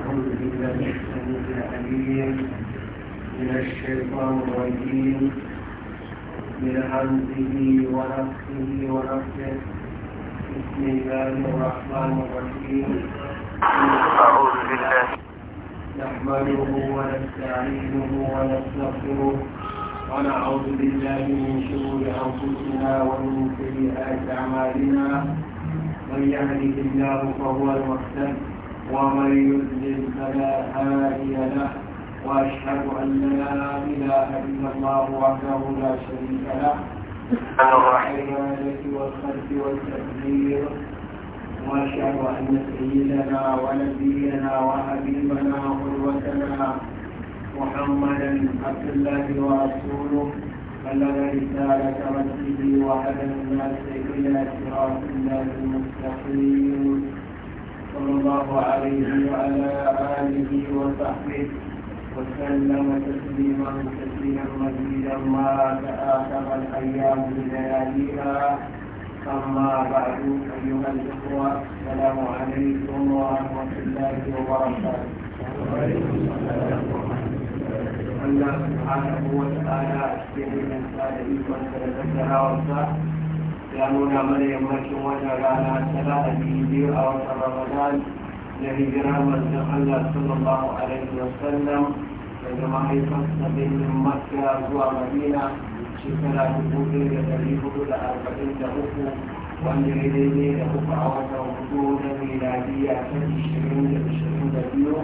أعوذ بالله السميع العليم من الشيطان الرجيم من همزه ونفسه ونفسه بسم الله الرحمن الرحيم أعوذ بالله نحمده ونستعينه ونستغفره ونعوذ بالله من شرور أنفسنا ومن سيئات أعمالنا من يهده الله فهو المحسن ومن يضلل فلا هادي له واشهد ان لا اله الا الله وحده لا شريك له العباده والخلق والتقدير واشهد ان سيدنا ونبينا وحبيبنا قدوتنا محمدا عبد الله ورسوله بلغ رسالة ربه وهدى الناس إلى صراط الله المستقيم صلى الله عليه وعلى آله وصحبه وسلم تسليما كثيرا مزيدا ما تآخر الأيام بلياليها أما بعد أيها الإخوة السلام عليكم ورحمة الله وبركاته. ورحمه الله wa ta'ala yang dengan tadi konservasi rawat ya nuna mana yammacin wata rana ta la'adi biyu a wata ramadan na hijira manzon Allah sallallahu alaihi wa sallam daga mahaifarsa birnin makka zuwa madina shekara dubu biyu da dari hudu da arba'in da uku wanda ya daidai da uku a wata hudu na miladiya ta ishirin da ishirin da biyu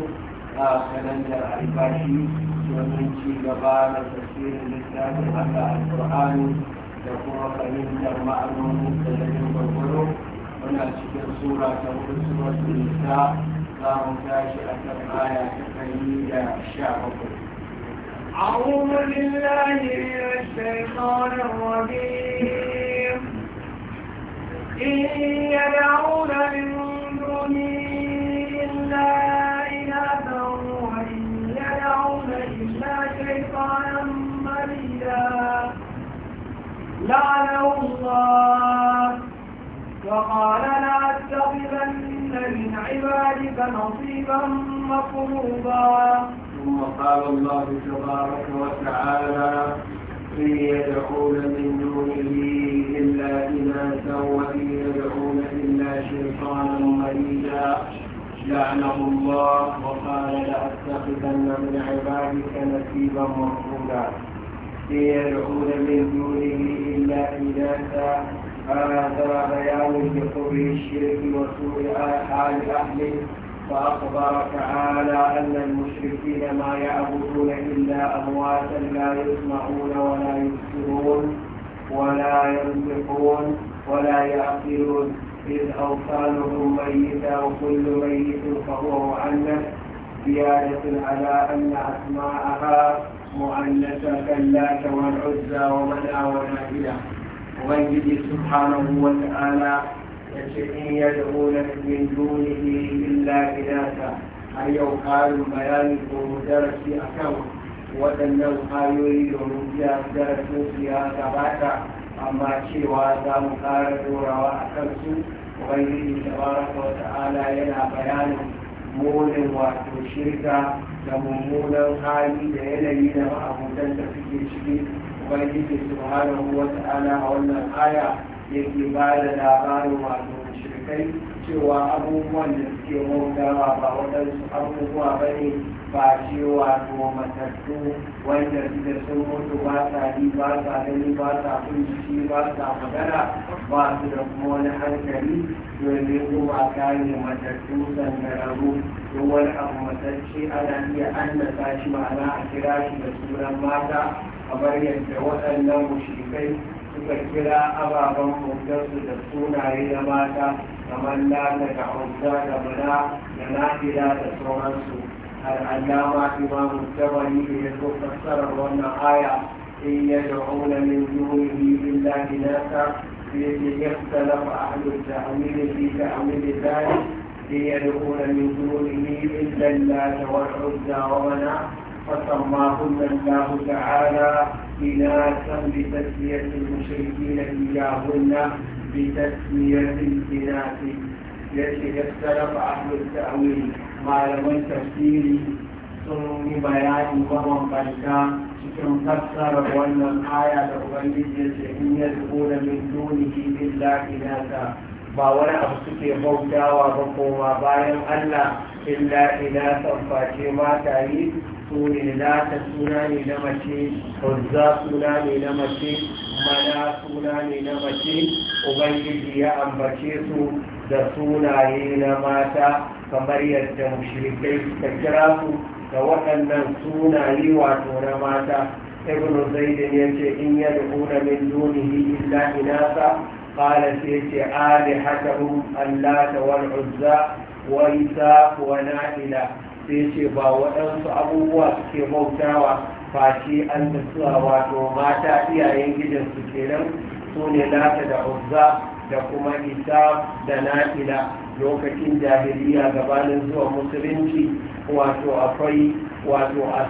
a kalandar albashi domin ci gaba da tasirin littafin Allah al-Qur'ani da kuma fahimtar ma'anonin da ya yi gwagwaro muna cikin sura ta hudu sura su nisa za mu tashi a kan aya ta ɗari da sha bakwai أعوذ بالله من الشيطان الرجيم إن يدعون من دونه إلا إناثا وإن يدعون إلا شيطانا مريدا لعنه الله وقال لأتخذن من عبادك نصيبا مقروبا ثم قال الله تبارك وتعالى إن يدعون من دونه إلا إناثا وإن يدعون إلا شيطانا مريدا لعنه الله وقال لأتخذن من عبادك نصيبا مفروضا ليدعون من دونه إلا إناثا هذا بيان لكفر الشرك وسوء حال أهله فأخبر تعالى أن المشركين ما يعبدون إلا أمواتا لا يسمعون ولا يبصرون ولا ينطقون ولا يعقلون إذ أوصالهم ميتا وكل ميت فهو معنث زيادة على أن أسماءها مؤنثة كاللات والعزى ومنع ونائلة وبنجد سبحانه وتعالى يشئين يدعون من دونه إلا إناثا har yau karin bayani ko darasi a kan waɗannan hanyoyi domin biya darasin su ya gabata amma cewa za mu ƙara dorawa a yana bayanin munin wato shirka da mummunan hali da yanayi da ma'abudan da suke ciki ubangiji subhanahu wa ta'ala a wannan aya yake ba da labarin wato shirka kai cewa abubuwan da suke mogawa ba waɗansu abubuwa ba ne ba cewa to matattu wanda da sun mutu ba sa yi ba sa gani ba sa kunci ba sa magana ba su da kuma wani hankali domin kuma ne matattu sangararru duk wani abu matacce ana iya annasa shi ma'ana a kira shi da sunan mata kamar yadda waɗannan mushrikai تذكر أبا بمهم تسدسون إلى ماتا لا لك حمزا تمنى ينادي لا تسرمسوا العلامة ما الكبري يذكر فسر وأن والنقايا إن يدعون من دونه إلا إناثا الذي اختلف أهل التأويل في تأويل ذلك ليدعون من دونه إلا الله والعزى ومنا فسماهن الله تعالى إناثا بتسمية المشركين إياهن بتسمية الإناث يجب اختلف أهل التأويل ما لم تفسيري sun yi bayani mabambanta cikin fassarar wannan aya da ubangiji ya ce in ya zubo da min dunihi illa ilaka ba wani abu suke bautawa ba koma bayan Allah illa ila san face mata yi su ne ta suna ne na mace huzza suna ne na mace mana suna ne na mace ubangiji ya ambace su da sunaye na mata kamar yadda mushrikai suka kira su da waɗannan sunaye wato na mata ibnu zaidin ya ce in yadda min dunihi illa inasa qala sai yace ali hatahum allata wal uzza wa isa wa na'ila sai yace ba waɗansu abubuwa suke bautawa ba shi an tasuwa wato mata iyayen gidansu kenan su ne da uzza da kuma isa da na'ila lokacin jahiliya gabanin zuwa musulunci wato akwai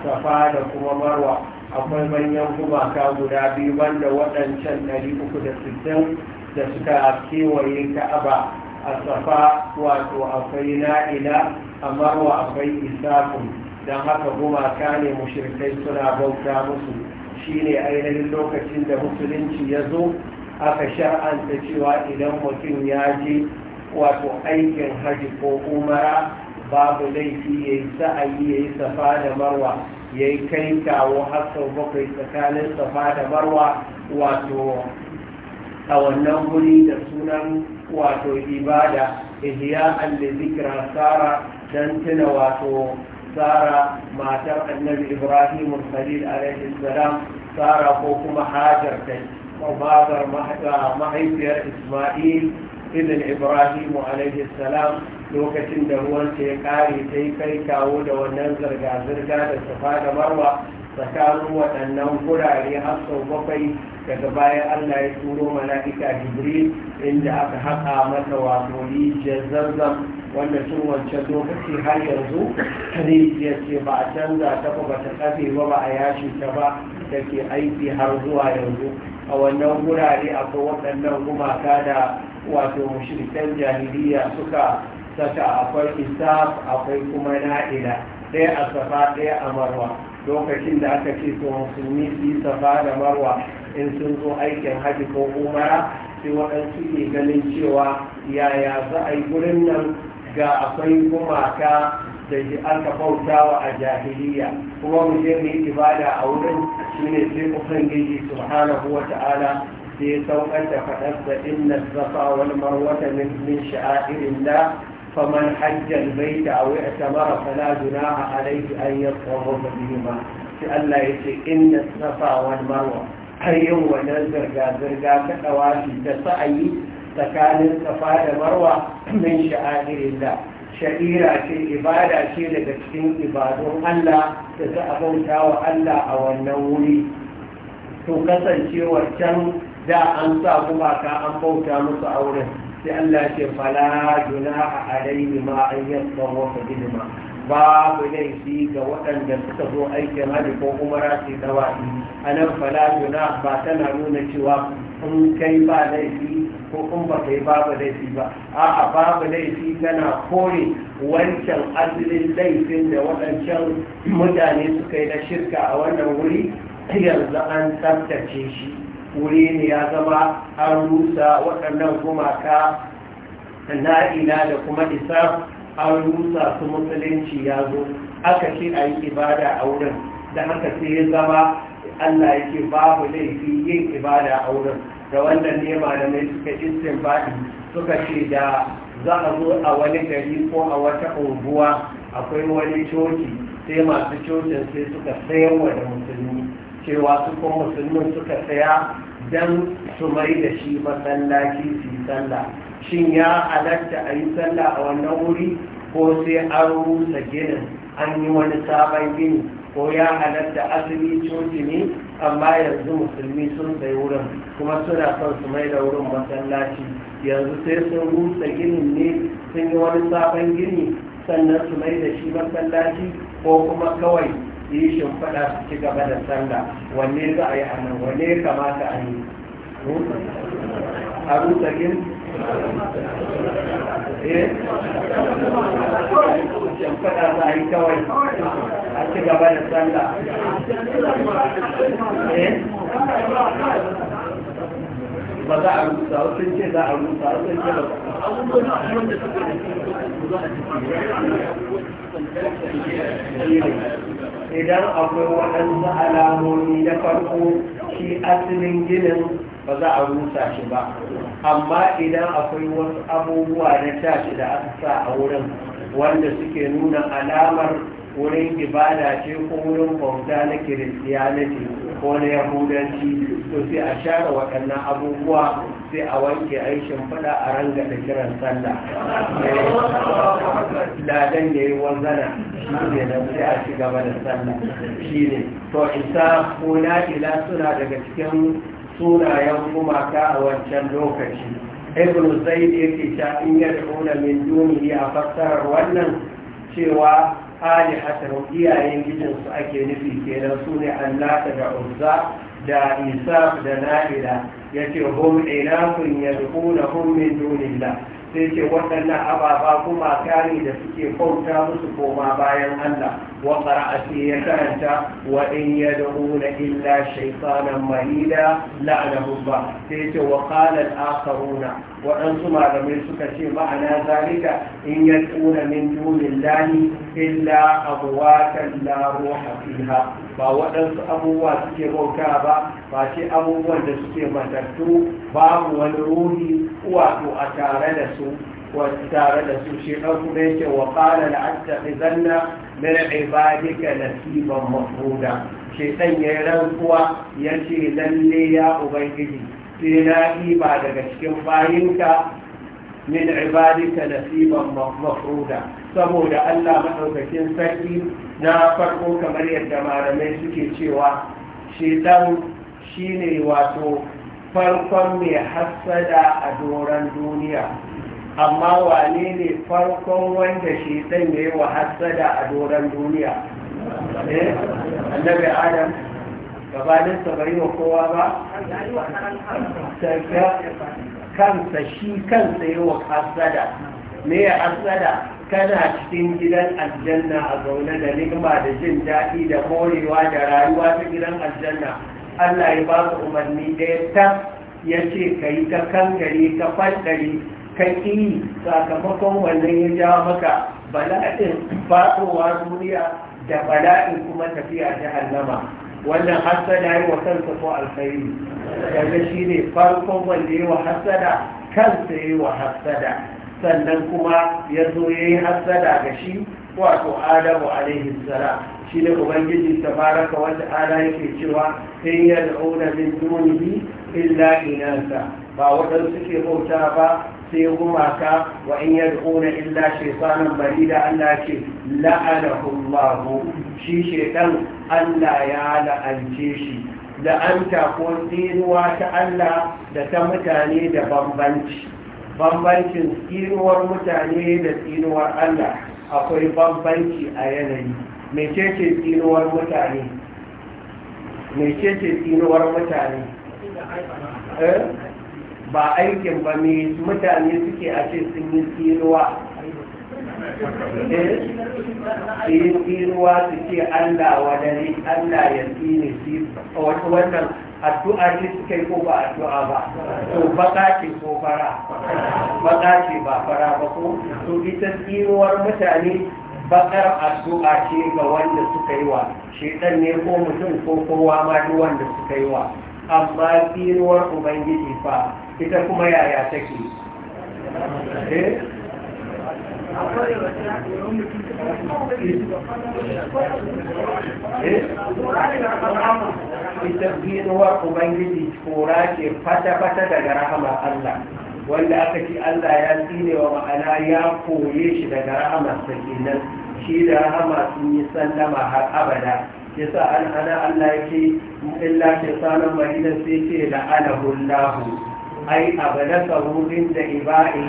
safa da kuma marwa akwai manyan gumaka guda biyu banda waɗancan 360 da suka kewaye ka'aba a safa wato akwai na'ila a marwa akwai isafun don haka gumaka ne shirkai suna bauta musu shine ainihin lokacin da musulunci ya zo aka shar'anta cewa idan mutum ya je wato aikin haji ko umara babu laifi ya yi sa'ayi ya yi safa da marwa ya yi kai kawo har bakwai tsakanin safa da marwa wato a wannan wuri da sunan wato ibada ihya alli zikra sara dan tuna wato sara matar annabi ibrahim khalil alaihi salam sara ko kuma hajar kai mabagar mahaifiyar isma'il ibn ibrahim alaihi salam lokacin da ruwan ya kare sai kai kawo da wannan zirga-zirga da safa da marwa tsakanin waɗannan gurare har sau bakwai daga bayan allah ya turo mala'ika jibril inda aka haƙa mata wato rijiyar zanzan wanda tun wancan lokaci har yanzu ya ce ba a canza ta ba ta kafe ba ba a yashi ta ba da ke aiki har zuwa yanzu a wannan gurare akwai waɗannan gumaka da wato mushrikan jahiliya suka saka akwai isaf akwai kuma na'ila ɗaya a safa ɗaya a marwa lokacin da aka ce to musulmi su safa da marwa in sun zo aikin haji ko umara sai waɗansu ke ganin cewa yaya za a yi gurin nan ga akwai gumaka da ji aka bautawa a jahiliya kuma mu je mu yi ibada a wurin ne sai ubangiji subhanahu wa ta'ala sai saukar da faɗarsa inna safa wal marwata min sha'irin da فمن حج البيت أو اعتمر فلا جناح عليه أن يطوف بهما لألا يشي إن الصفا والمروة أيوم ونزر زرقا كتواشي تسعي تكان الصفا والمروة من شعائر الله sha'ira ce ibada ce daga cikin ibadun Allah da za a bauta wa Allah a wannan wuri to kasancewar can da an sa gumaka an bauta musu a wurin sai Allah ce fala a alaihi ma an yatawafa bihima babu laifi ga waɗanda suka zo aikin hajji ko kuma rasu dawaɗi a nan fala juna ba tana nuna cewa in kai ba laifi ko in ba kai babu laifi ba a'a babu laifi tana kore wancan asalin laifin da waɗancan mutane suka yi na shirka a wannan wuri yanzu an tsaftace shi wuri ne ya zama an rusa waɗannan gumaka naina da kuma isa an rusa su musulunci ya zo aka ce a yi ibada a wurin da haka sai ya zama allah ya ce babu laifi yin ibada a wurin da wannan ne malamai suka istin baɗi suka ce da za a zo a wani gari ko a wata unguwa akwai wani coci sai masu cocin sai suka sayarwa da musulmi cewa su kuma musulmin suka saya don su mai da shi masallaci su yi sallah shin ya halatta a yi sallah a wannan wuri ko sai an rusa ginin an yi wani sabon gini ko ya halatta asali coci ne amma yanzu musulmi sun sai wurin kuma suna son su mai da wurin masallaci yanzu sai sun rusa ginin ne sun yi wani sabon gini sannan su mai da shi masallaci ko kuma kawai yi shimfiɗa su ci gaba da sallah wanne za a yi a nan wanne kamata a yi a rusa gin eh shimfiɗa za a yi kawai a ci gaba da sallah eh ba za a rusa wasu ce za a rusa wasu ce ba abubuwan da suka idan akwai waɗansu alamomi na farko shi asalin ginin ba za a rusa shi ba amma idan akwai wasu abubuwa na tashi da aka sa a wurin wanda suke nuna alamar wurin ibada ce ko wurin bauta na kiristiyaniti ko na yahudanci to sai a share waɗannan abubuwa sai a wanke aishin fada a ranga da kiran sallah ladan da ya yi wanzana shi ne na sai a ci gaba da sallah shi ne to isa ko na'ila suna daga cikin sunayen gumaka a wancan lokaci ibn zaid yake sha in yad'una min duniya a fassarar wannan cewa alihatahum iyayen su ake nufi kenan su ne allata da uzza da isa da na'ida ya ce hum ilahun yad'unahum min dunillah sai ce waɗannan ababa kuma kare da suke bauta musu koma bayan Allah wa qara'ati ya karanta wa in yad'una illa shaytanan marida la'anahu ba sai ce wa qala al-akharuna waɗansu malamai suka ce ma'ana zalika in yad'una min dunillahi illa abwatan la ruha fiha ba waɗansu abubuwa suke bauta ba ba ce abubuwan da suke matattu babu wani ruhi wato a tare da su tare da su shi ɗan kuma yake wa ƙara da an zanna min ibadika nasiban mafruda shi ɗan ya yi rantsuwa ya ce lalle ya ubangiji sai na daga cikin bayinka min ibadika nasiban mafruda saboda Allah maɗaukakin sarki na farko kamar yadda malamai suke cewa shi ne wato farkon mai hasada a doron duniya amma wane ne farkon wanda shaitan ya yi wa hassada a doron duniya eh, annabi adam gabanin bai wa kowa ba kansa shi kansa ya yi wa hassada me ya hassada kana cikin gidan aljanna a zaune da nigma da jin daɗi da morewa da rayuwa ta gidan aljanna Allah ya ba su umarni ɗaya ta ya ce ka yi ta kankare ka fankare ka ƙi sakamakon wannan ya ja maka bala'in faɗowa duniya da bala'in kuma tafiya jahannama wannan hassada yi wa kansa ko alkhairi yanzu shi ne farkon wanda yi wa hassada kansa yi wa hassada sannan kuma ya zo ya yi hasada ga shi wato adamu alaihi shi ne ubangiji ka wata ala yake cewa in yad'una min dunihi illa inasa ba waɗansu ke bauta ba sai gumaka wa in yad'una illa shaytanan barida Allah ce la'anahu Allah shi ɗan Allah ya la'ance shi la'anta ko tsinuwa ta Allah da ta mutane da bambanci bambancin tsinuwar mutane da tsinuwar Allah akwai bambanci a yanayi mecece tsinuwar mutane mecece tsinuwar mutane eh? ba aikin ba me mutane suke a ce sun yi tsinuwa eh? tsinuwa su ce Allah wadare Allah ya tsine wannan addu'a ne suke ko ba addu'a ba to baka ko fara baka ba fara ba ko to ita tsirowar mutane bakar addu'a ce ga wanda suka yi wa shedan ne ko mutum ko kowa ma duk wanda suka yi wa amma tsiruwar ubangiji fa ita kuma yaya take eh? ita binuwa ubangiji tsora ce fata-fata daga rahama Allah wanda aka ci Allah ya tsine wa ma'ana ya koye shi daga rahama sakinan shi da rahama sun yi sallama har abada yasa an hana Allah ya ce illa ke sanar marina sai ce la'anahu lahu ai abalaka wurin da iba'i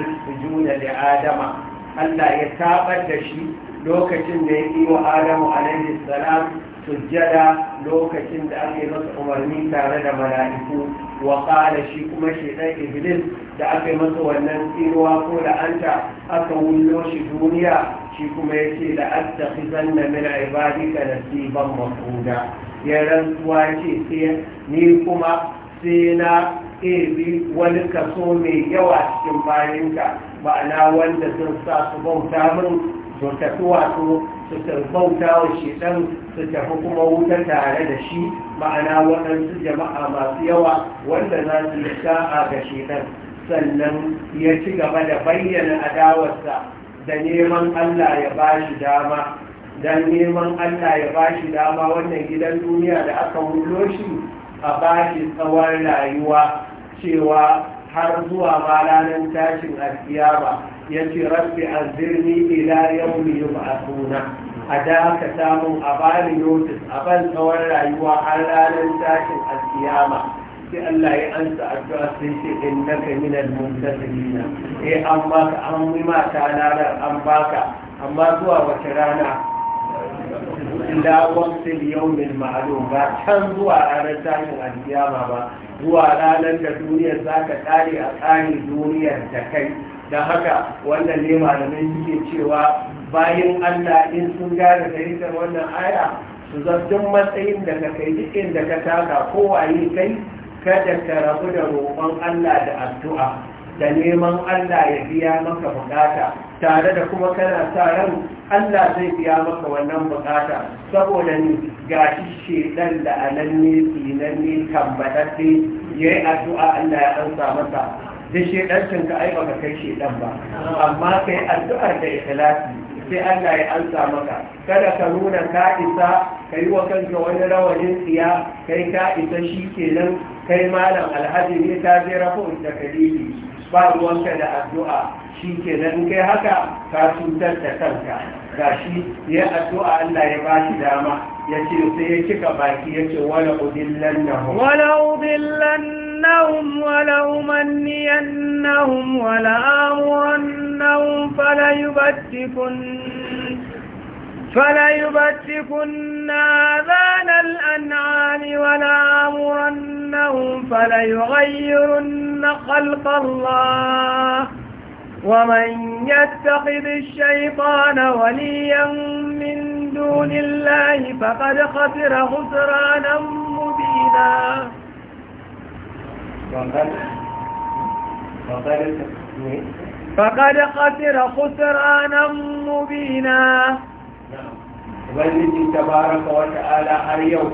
juna da adama Allah ya tabar da shi lokacin da ya yi wa Adamu alaihi salam sujjada lokacin da aka yi masa umarni tare da mala'iku wa qala shi kuma ɗan iblis da aka yi masa wannan tsirowa ko la'anta aka wullo shi duniya shi kuma yace la attakhizanna min ibadika nasiban mafruda ya rantsuwa ce sai ni kuma sai na ɗebi wani kaso mai yawa cikin bayanka ma'ana wanda sun sa su bauta min su tafi wato su bauta wa shedan su tafi kuma wuta tare da shi ma'ana waɗansu jama'a masu yawa wanda za su yi sa'a ga shedan sannan ya ci gaba da bayyana adawarsa da neman allah ya ba shi dama Dan neman allah ya ba shi dama wannan gidan duniya da aka wulo shi a bashi tsawon rayuwa cewa har zuwa ba ranar tashin alkiyama ya ce rabbi azirni ila yawmi yub'athuna a daka samun a bani notice a ban tsawon rayuwa har ranar tashin alkiyama sai Allah ya ansa addu'a sai ce innaka minal muntasirina eh an baka an yi mata lalar an baka amma zuwa wace rana ila wasil yawmin ma'adun ba can zuwa ranar tashin alkiyama ba zuwa ranar da duniyar za ka tsari a tsari duniyar da kai da haka wannan ne malamai suke cewa bayan Allah in sun gane fahimtar wannan aya su zartun matsayin da ka kai duk inda ka taka kowaye kai kada ka rabu da roƙon Allah da addu'a da neman Allah ya biya maka buƙata. tare da kuma kana sa ran Allah zai biya maka wannan bukata saboda ni ga shi shedan da alanne tsinanne tambadatse yayi addu'a Allah ya ansa masa da shedancin ka ai baka kai shedan ba amma kai addu'ar da ikhlasi sai Allah ya ansa maka kada ka nuna ka isa yi wa kanka wani rawanin tsiya kai ka isa shi kenan kai malam alhaji ne ta je rafu da kadidi ba ruwanka da addu'a shi ke nan kai haka ka cutar da kanka ga shi ya addu'a Allah ya ba shi dama ya ce sai ya cika baki ya ce wala udillan nahum wala udillan nahum wala umanniyan nahum wala amuran nahum fala yubattikun فليبتكن آذان الأنعام ولآمرنهم فليغيرن خلق الله ومن يتخذ الشيطان وليا من دون الله فقد خسر خسرانا مبينا فقد خسر خسرانا مبينا ubangiji tabaraka wa ta'ala har yau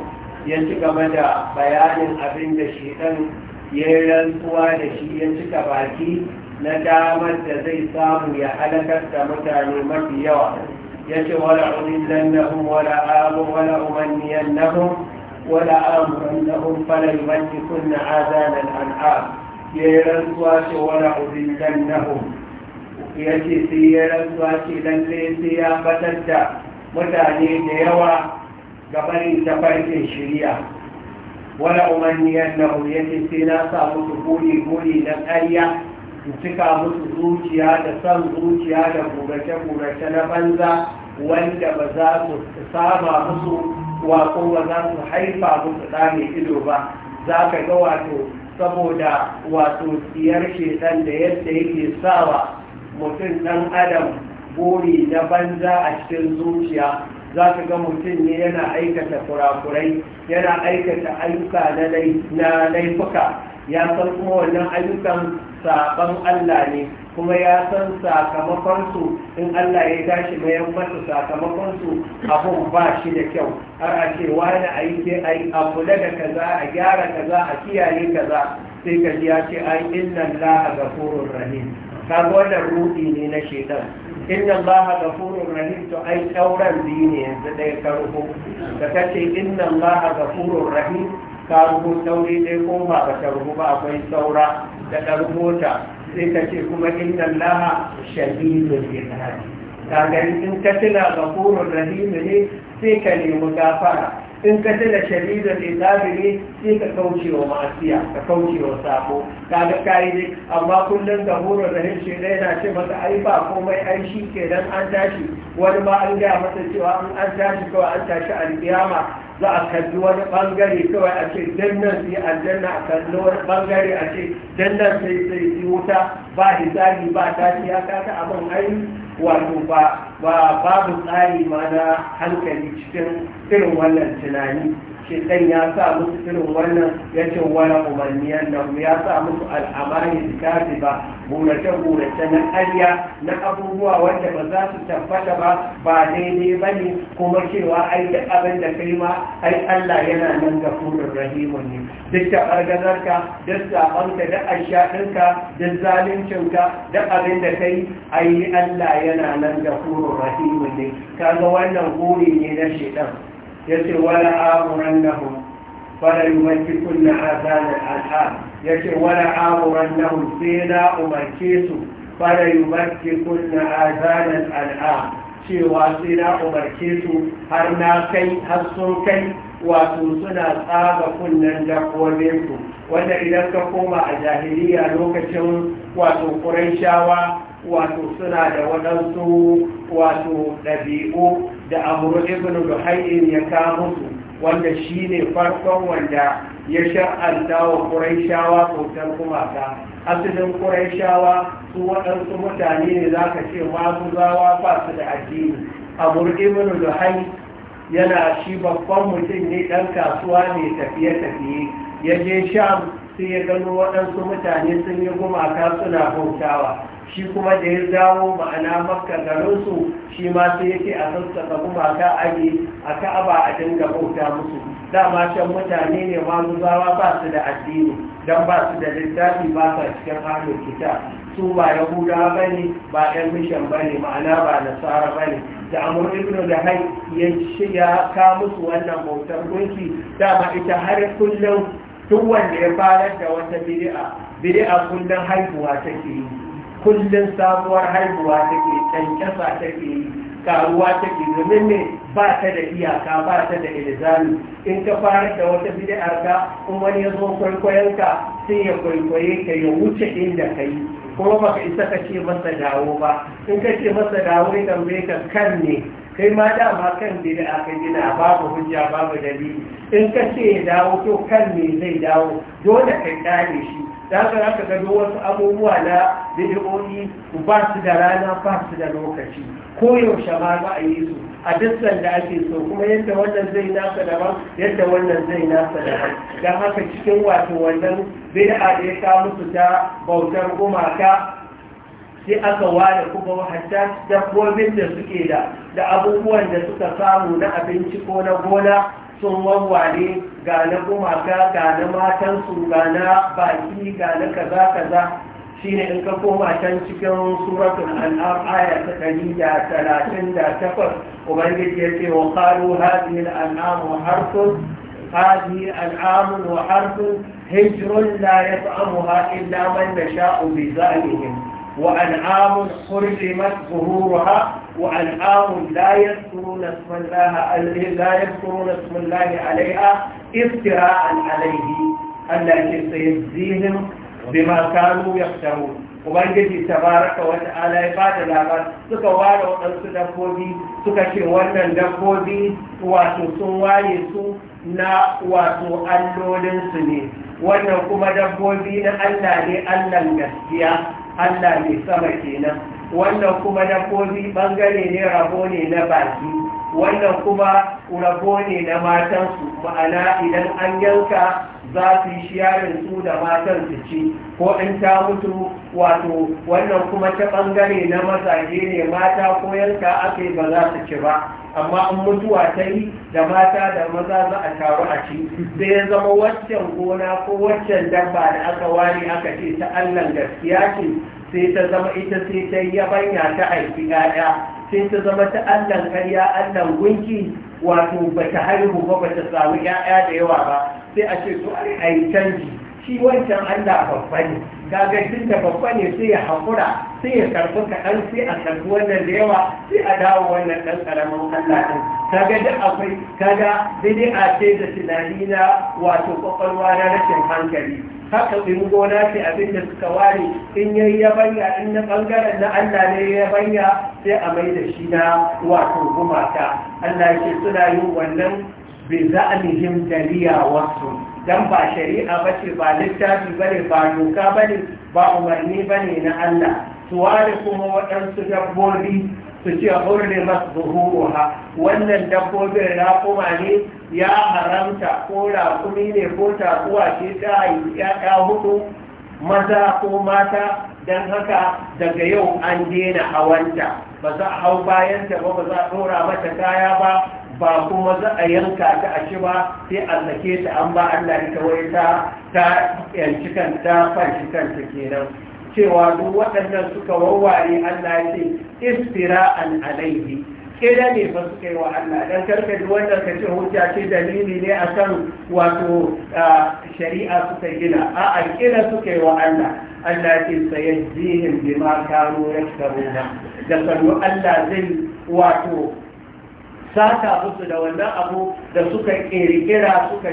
ya ci gaba da bayanin abin da shedan ya yi rantsuwa da shi ya cika baki na damar da zai samu ya halakar da mutane mafi yawa ya ce wala ulillan nahum wala abu wala umanniyan nahum wala amuran nahum falai manci kunna azanan an'am ya yi rantsuwa ce wala ulillan nahum ya ce sai ya rantsuwa ce lalle sai ya batar mutane da yawa gabanin tafarkin shirya wala umarniyar na yace sai na sa musu guri-guri na karya in cika musu zuciya da son zuciya da gurace-gurace na banza wanda ba za su saba musu wako ba za su haifa musu ɗane ido ba za ka ga wato saboda wato tsiyar shedan da yadda yake sawa mutum ɗan adam buri na banza a cikin zuciya za ka ga mutum ne yana aikata kurakurai yana aikata ayyuka na laifuka ya san kuma wannan ayyukan saban Allah ne kuma ya san sakamakonsu in Allah ya tashi mayan masa sakamakonsu abun ba shi da kyau har a ce wani a a kula da kaza a gyara kaza a kiyaye kaza sai ka ya ce ai inna allaha ghafurur rahim kaga wannan rudi ne na shedan inna allaha ghafurur rahim to ai sauran biyu ne yanzu dai ka rubo da kace inna allaha ghafurur rahim ka rubo sauri dai ko ba ka rubo ba akwai saura da ɗarmota sai ka ce kuma inna allaha shadidul ihsan kaga in ka tuna ghafurur rahim ne sai ka nemi gafara in ka tuna shari'ar islamu ne sai ka kauce wa ma'asiya ka kauce wa sabo ka ga kayi ne amma kullum ka da rahim shi ne yana ce maka ai ba komai ai shi kenan an tashi wani ma an gaya masa cewa an tashi kawai an tashi alkiyama za a kalli wani bangare kawai a ce dannan sai aljanna a kalli wani bangare a ce dannan sai sai yi wuta ba hisabi ba ce ya kaka abin ai wato ba babu tsari ma na hankali cikin irin wannan tunani shekan ya sa musu irin wannan ya ce umarniyar nan ya sa musu al'amari su kafi ba burace-burace na ƙarya na abubuwa wanda ba za su tabbata ba ba daidai ba ne kuma cewa ai duk abin da kai ma ai Allah yana nan ga furin rahimun ne duk da ɓargazarka duk zaɓanka duk ashaɗinka duk zaluncinka duk abin da kai ai Allah yana nan ga furin rahimun ne kaga wannan guri ne na shedan yace wala yi fala yumakkikunna azan al-alha yace wala amurannahum sai na umarce su fala yumakkikunna azan al al'a cewa sai na umarce su har na kai har sun kai wato suna tsaga kunnen dabbobin su wanda idan ka koma a jahiliya lokacin wato kuran shawa, wato suna da waɗansu wato ɗabi'u da amuru ibn luhayin ya kawo su, wanda shi ne farkon wanda ya sha'anta wa ƙuraishawa kyautar gumaka asalin ƙuraishawa su waɗansu mutane ne zaka ka ce masu zawa ba su da addini amuru ibn luhayin yana shi babban mutum ne ɗan kasuwa ne tafiye-tafiye ya je sham sai ya gano waɗansu mutane sun yi gumaka suna bautawa shi kuma da ya dawo ma'ana makka garinsu shi ma sai yake a sassaka ka aji a ka'aba a dinga bauta musu dama can mutane ne ma zuzawa ba su da addini don ba su da littafi ba sa cikin halin kita su ba yahuda ba ne ba yan mishan ba ne ma'ana ba nasara ba ne da amur ibn da hai ya shiga ka musu wannan bautar gunki dama ita har kullum duk wanda ya fara da wata bid'a bid'a kullum haihuwa take yi kullum sabuwar haihuwa take kankasa take karuwa take domin ne ba ta da iyaka ba ta da ilzami in ka fara da wata bidiyar ka in wani ya zo kwaikwayon ka sai ya kwaikwaye ka ya wuce inda ka yi kuma baka isa ka ce masa dawo ba in ka ce masa dawo ya tambaye ka kan ne kai ma dama kan bid'a aka gina babu hujja babu dalili in ka ce ya dawo to kan ne zai dawo dole ka kare shi da haka za ka gado wasu abubuwa na bidiyoyi ba su da rana ba su da lokaci ko yaushe ma za a yi su a dukkan da ake so kuma yadda wannan zai nasa daban yadda wannan zai nasa daban don haka cikin wato wannan bid'a da ya kawo musu ta bautar gumaka sai aka ware kuma hatta dabbobin da suke da da abubuwan da suka samu na abinci ko na gona sun wawware ga na gumaka ga na matansu ga na baki ga na kaza kaza shine in ka koma can cikin suratul an'am aya ta da talatin da takwas ubangiji ya ce wa qalu hadhihi al'amu harfun hadhihi al'amu wa harfun hijrun la yat'amuha illa man nasha'u bi zalihim وأنعام حرمت ظهورها وأنعام لا يذكرون اسم الله لا يذكرون اسم الله عليها افتراء عليه التي سيجزيهم بما كانوا يفترون ubangiji tabaraka wata ala ya labar suka ware waɗansu dabbobi suka ce wannan dabbobi wato sun ware su na wato allolinsu ne wannan kuma dabbobi na allah ne allahn gaskiya Allah mai sama kenan wannan kuma na kodi bangare ne rabo ne na baki wannan kuma rabo ne na matansu ma'ana idan an yanka za su yi shiyarin su da matan su ci ko in ta mutu wato wannan kuma ta bangare na mazaje ne mata ko yanka aka ba za su ci ba amma in mutuwa ta yi da mata da maza za a taru a ci sai ya zama waccan gona ko waccan dabba da aka ware aka ce ta allan gaskiya ce sai ta zama ita sai ta yi yabanya ta haifi 'ya'ya sai ta zama ta allan karya allan gunki wato bata haihu ba ta samu 'ya'ya da yawa ba sai a ce to a yi canji shi wancan Allah babba ne gagacin da babba ne sai ya haƙura sai ya karɓi kaɗan sai a karɓi wannan da yawa sai a dawo wannan ɗan ƙaramin Allah ɗin kaga duk akwai kaga daidai a ce da tunani na wato ƙwaƙwalwa na rashin hankali haka ɗin gona ce abin da suka ware in ya yi yabanya in na ɓangaren na Allah ne ya yabanya sai a mai da shi na wato gumata. Allah ya ce suna yin wannan bi za'alihim dariya wasu dan ba shari'a ba ce ba littafi ba ne, ba doka ba ne, ba umarni ba ne na Allah Su suwari kuma waɗansu dabbobi su ce hurri masbuhuha wannan dabbobin raƙuma ne ya haramta ko raƙumi ne ko takuwa ce ta haifi ya hudu maza ko mata don haka daga yau an daina hawanta ba za a hau bayanta ba ba za a ɗora mata kaya ba ba kuma za a yanka ta a ci ba sai a sake ta an ba Allah ita kawai ta ta yanci kanta fashi kanta kenan cewa duk waɗannan suka wawware Allah ce istira'an alaihi kira ne ba suka yi wa Allah dan karka wannan ka ce hujja ce dalili ne akan wato shari'a suka gina a'a kira suka yi wa Allah Allah ce sayajjihim bima kanu yaktabuna da sanu Allah zai wato sata musu da wannan abu da suka kirkira suka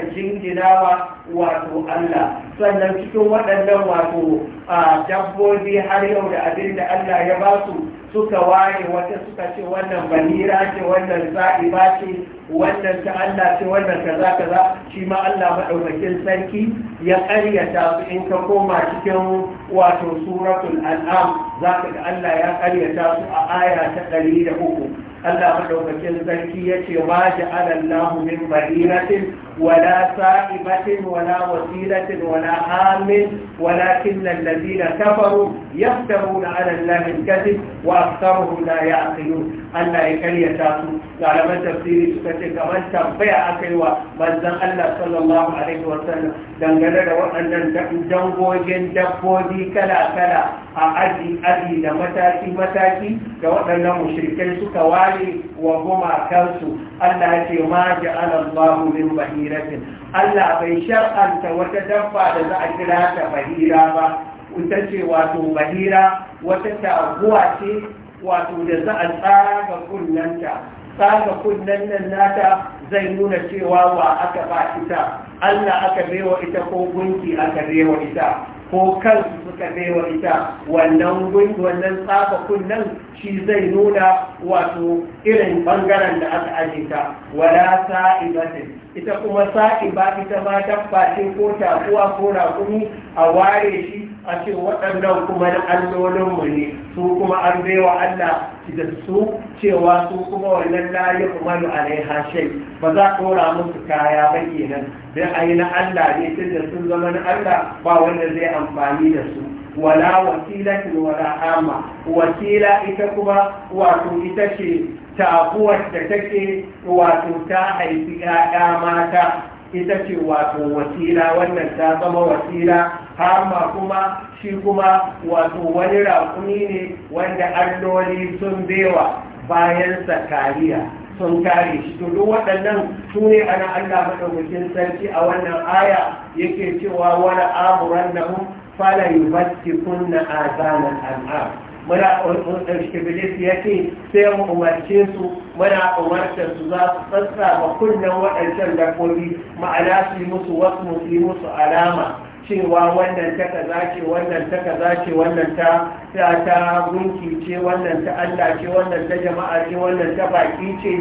wa wato Allah sannan cikin waɗannan wato a dabbobi har yau da abin da Allah ya ba su suka waye wata suka ce wannan banira ce wannan sa'iba ce wannan ta Allah ce wannan kaza kaza shi ma Allah madaukakin sarki ya ƙaryata su in ka koma cikin wato suratul an'am zaka ga Allah ya ƙaryata su a aya ta 103 Allah madaukakin sarki ya ce ma ja'ala Allahu min madinatin ولا سائبة ولا وسيلة ولا هام ولكن الذين كفروا يفترون على الله الكذب وأكثرهم لا يعقلون ألا يكلي تاسو على من تفسيري سكتك من تنبيع أكلوا من الله صلى الله عليه وسلم دنجل وأن جنبوجين دبودي كلا كلا أعدي أدي لمتاكي متاكي وأن مشركين سكوالي وهما كنسو ألا ما جعل الله من بهيم bahiratin Allah bai shar'anta wata dabba da za a kira ta bahira ba ita ce wato bahira wata taguwa ce wato da za a tsaga kunnanta tsaga kunnen nan nata zai nuna cewa wa aka ba ita Allah aka baiwa ita ko gunki aka baiwa ita ko kansu suka baiwa ita wannan wannan tsafa kunnan shi zai nuna wato irin bangaren da aka aje ta wala sa'ibatin ita kuma sa'iba ita ma tabbacin ko takuwa ko raƙumi a ware shi a ce waɗannan kuma na allolinmu ne su kuma an wa Allah da su cewa su kuma wannan layi kuma yi alai hashe ba za ɗora musu kaya ba kenan don a yi na Allah ne tun da sun zama na Allah ba wanda zai amfani da su wala wasilatin wala ama wasila ita kuma wato ita ce taguwar da take wato ta haifi ‘ya'ya mata ita ce wato wasila wannan ta zama wasila hama kuma shi kuma wato wani raƙumi ne wanda alloli sun bewa bayan sakariya sun kare shi to duk waɗannan su ne ana allah maɗaukakin sarki a wannan aya yake cewa wani amuran na hun fala yi kunna azanan al'ad muna ɗauke su ya ke, sai mu umarce su muna umarce su za su sassa ma kunnen waɗancan dabbobi ma'ana su yi musu wasu musu yi musu alama cewa wannan ta kaza ce wannan ta kaza ce wannan ta ta gunki ce wannan ta Allah ce wannan ta jama'a ce wannan ta baki ce